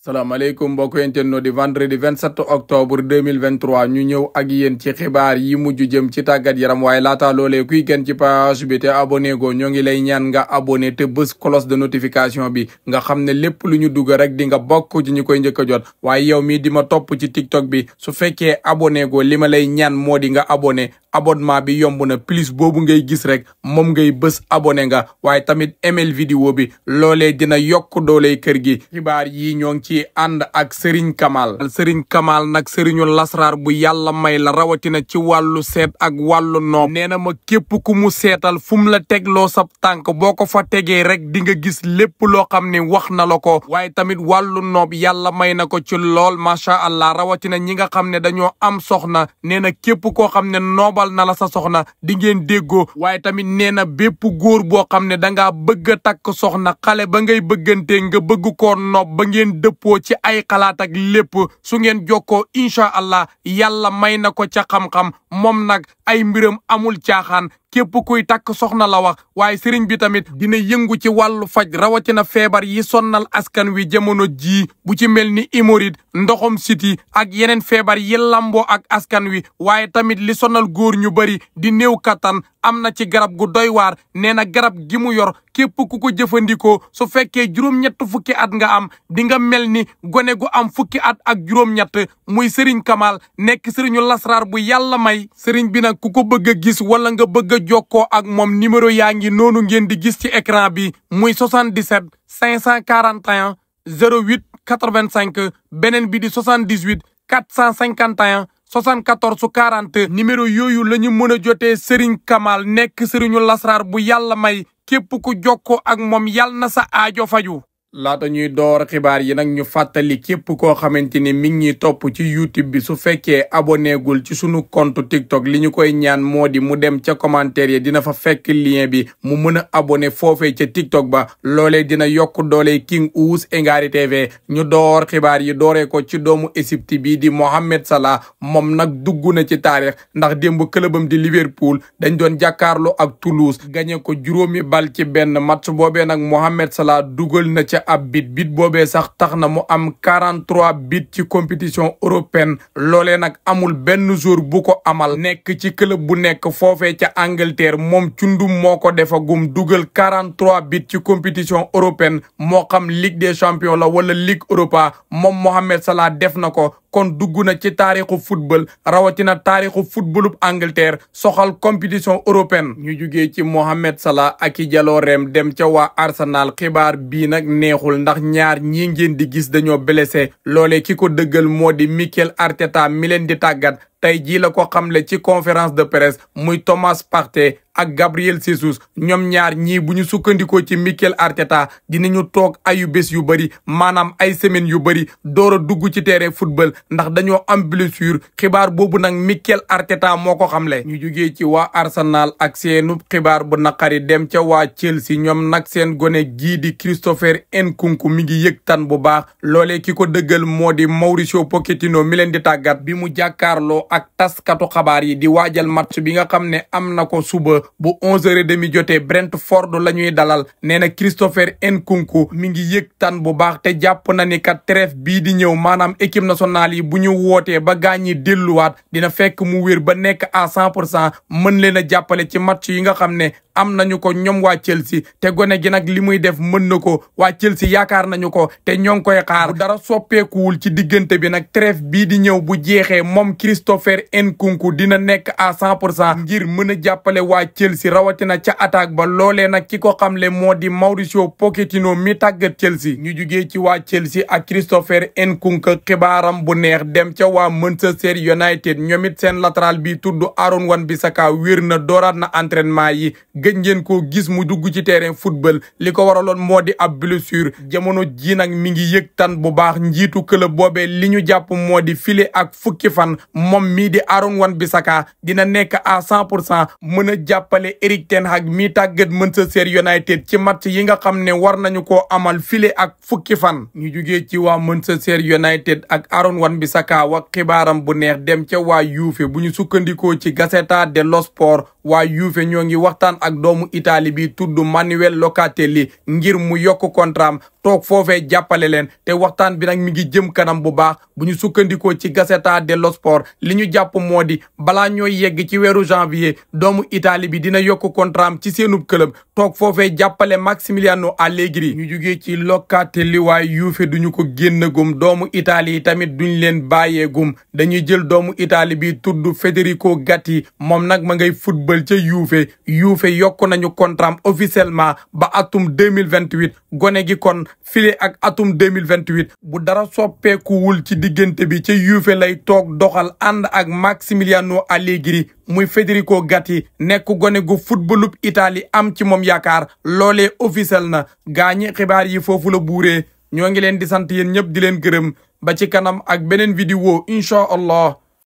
salaamaaleykum mbokk internet di vendredi 27 octobre 2023 ñu ñëw ak yéen ci xibaar yi mujj jëm ci tàggat yaram waaye laata loolee kuy kenn ci page bi te abonné ñoo ngi lay ñaan nga abonné te bés cloche de notification bi nga xam ne lépp lu ñu dugg rek di nga bokk ci ñu koy njëkk a jot waaye yow mii di ma topp ci tiktok bi su fekkee abonné go li ma lay ñaan moo di nga abonné abonnement bi yomb na plus boobu ngay gis rek moom ngay bës abonné nga waaye tamit email vidéo bi loolee dina yokk dooley kër gi xibaar yi ñoo ngi ci ànd ak Serigne Kamal Serigne Kamal nag Serigne lasraar bu yàlla may la rawatina ci wàllu seet ak wàllu noob nee na ma képp ku mu seetal fu la tegloo sab tànk boo ko fa tegee rek di nga gis lépp loo xam ne wax na la ko waaye tamit wàllu noob yàlla may na ko ci lool macha allah rawatina ñi nga xam ne dañoo am soxna nee na képp xam ne wal na la sa soxna di ngeen déggoo waaye tamit nee na bépp góor boo xam ne danga ngaa bëgg a takk soxna xale ba ngay bëggante nga bëgg koo nopp ba ngeen dëppoo ci ay xalaat ak lépp su ngeen jokkoo incha allah yàlla may na ko ca xam-xam moom nag ay mbiram amul caaxaan képp kuy takk soxna la wax waaye sëriñ bi tamit dina yëngu ci wàllu faj rawatina feebar yi sonnal askan wi jamono ji bu ci mel ni hémorroïde ndoxum siti ak yeneen feebar yi lamboo ak askan wi waaye tamit li sonal góor ñu bari di néew kattan am na ci garab gu doy waar nee na garab gi mu yor képp ku ko jëfandikoo su fekkee juróom-ñett fukki at nga am di nga mel ni gone gu am fukki at ak juróom-ñett muy sëriñ Kamal nekk sëriñu lasraar bu yàlla may sëriñ bi nag ku ko bëgg a gis wala nga bëgg a jokkoo ak moom numéro yaa ngi noonu ngeen di gis ci écran bi muy 77 541 08 85 beneen bi di 78 451 74 40 numéro yooyu la ñu mën a jotee Serigne Kamal nekk Serigne Lasrar bu yàlla may képp ku jokkoo ak moom yàlla na sa aajo faju laata ñuy door xibaar yi nag ñu fàttali képp koo xamante ni mi ngi topp ci YouTube bi su fekkee abonné gul ci sunu compte TikTok li ñu koy ñaan moo di mu dem ca commentaire yi dina fa fekk lien bi mu mën a abonné foofee ca TikTok ba loole dina yokk doole King Ouse Ngary ñu door xibaar yi dooree ko ci doomu Égypte bi di Mohamed Salah moom nag dugg na ci taarix ndax démb këlëbam di Liverpool dañ doon jàkkaarloo ak Toulouse gañe ko juróomi bal ci benn match boobee nag Mohamed Salah dugal na ci ca ab bit bit boobee sax tax na mu am 43 bit ci compétition européenne loolee nag amul benn jour bu ko amal nekk ci club bu nekk foofee ca Angleterre moom cundum moo ko defagum dugal 43 bit ci compétition européenne moo xam Ligue des champions la wala Ligue Europa moom Mohamed Salah def na ko kon dugg na ci taarixu football rawatina taarixu footballub Angleterre soxal compétition européenne ñu jugee ci Mohamed Salah ak i jalooreem dem ca waa Arsenal xibaar bii nag neexul ndax ñaar ñi ngeen di gis dañoo blessé loolee ki ko dëggal moo di Mikel Arteta mi leen di tàggat tey jii la ko xamle ci conférence de presse muy Thomas parte ak Gabriel Jesus ñoom ñaar ñii bu ñu sukkandikoo ci Mikel Arteta dinañu toog ayu bés yu bëri maanaam ay semaines yu bëri door a dugg ci terrain football ndax dañoo am xibaar boobu nag Mikel Arteta moo ko xamle. ñu jugee ci waa Arsenal ak seenu xibaar bu naqari dem ca waa Chelsea ñoom nag seen gone gii di Christopher Nkunku mi ngi yëg tan bu baax loole ki ko dëggal moo di Mauricio Pochettino mi leen di tàggat bi mu jàkkaarloo ak taskatu xabaar yi di waajal match bi nga xam ne am na ko suba bu onze heures et demi jotee Brentford la ñuy dalal nee na Christopher Nkunku mi ngi yëg tan bu baax te jàpp na ni kat trêve bii di ñëw maanaam équipe nationale yi bu ñu wootee ba gaañ ñi delluwaat dina fekk mu wér ba nekk à cent pour cent mën leen a jàppale ci match yi nga xam ne am nañu ko ñoom waa Chelsea te gone gi nag li muy def mën na ko waa Chelsea yaakaar nañu ko te ñoo ngi koy xaar bu dara soppeekuwul ci diggante bi nag trêve bii di ñëw bu jeexee moom Christopher Christopher Nkunku dina nekk à cent pour cent ngir mën a jàppale waa Chelsea rawatina ca attaque ba loolee nag ki ko xamle moo di Mauricio Pochettino mi tàggat Chelsea ñu jugee ci waa Chelsea ak Christopher Nkunku xibaaram bu neex dem ca waa Manchester United ñoom it seen latéral bi tudd Aaron Wan-Bissaka bi wér na dooraat na entraînement yi gëj ngeen koo gis mu dugg ci terrain football li ko waraloon moo di ab blessure jamono ji nag mi ngi yëg tan bu baax njiitu club boobee li ñu jàpp moo ak fukki mii di Aaron Wan-Bissaka dina nekk à cent pour cent mën a jàppale Eric ten Hag mii tàggat Manchester United ci match yi nga xam ne war nañu ko amal file ak fukki fan ñu jugee ci waa Manchester United ak Aaron Wan-Bissaka wax xibaaram bu neex dem ca waa Juve bu ñu sukkandikoo ci Gazzetta dello Sport waa Juve ñoo ngi waxtaan ak doomu Italie bi tudd Manuel Locatelli ngir mu yokk kontraam toog foofee jàppale leen te waxtaan bi nag mi ngi jëm kanam bu baax bu ñu sukkandikoo ci Gazzetta dello Sport li ñu jàpp moo di balaa ñooy yegg ci weeru janvier doomu Italie bi dina yokk kontraam ci seenub club toog foofee jàppale Maximiliano Allegri ñu jugee ci Locatelli waa Juve duñu ko génn gum doomu Italie yi tamit duñ leen bàyyee gum dañuy jël doomu Italie bi tudd Federico Gatti moom nag ma ngay football ca Juve Juve yokk nañu contrat officiellement ba atum 2028 gone gi kon file ak atum 2028 bu dara soppeekuwul ci diggante bi ci Juve lay toog doxal ànd ak Maximiliano Allegri muy Federico Gatti nekk gone gu footballub Italie am ci moom yaakaar loolee officiel na gaañi xibaar yi foofu la buuree ñoo ngi leen di sant yéen ñëpp di leen gërëm ba ci kanam ak beneen vidéo incha allah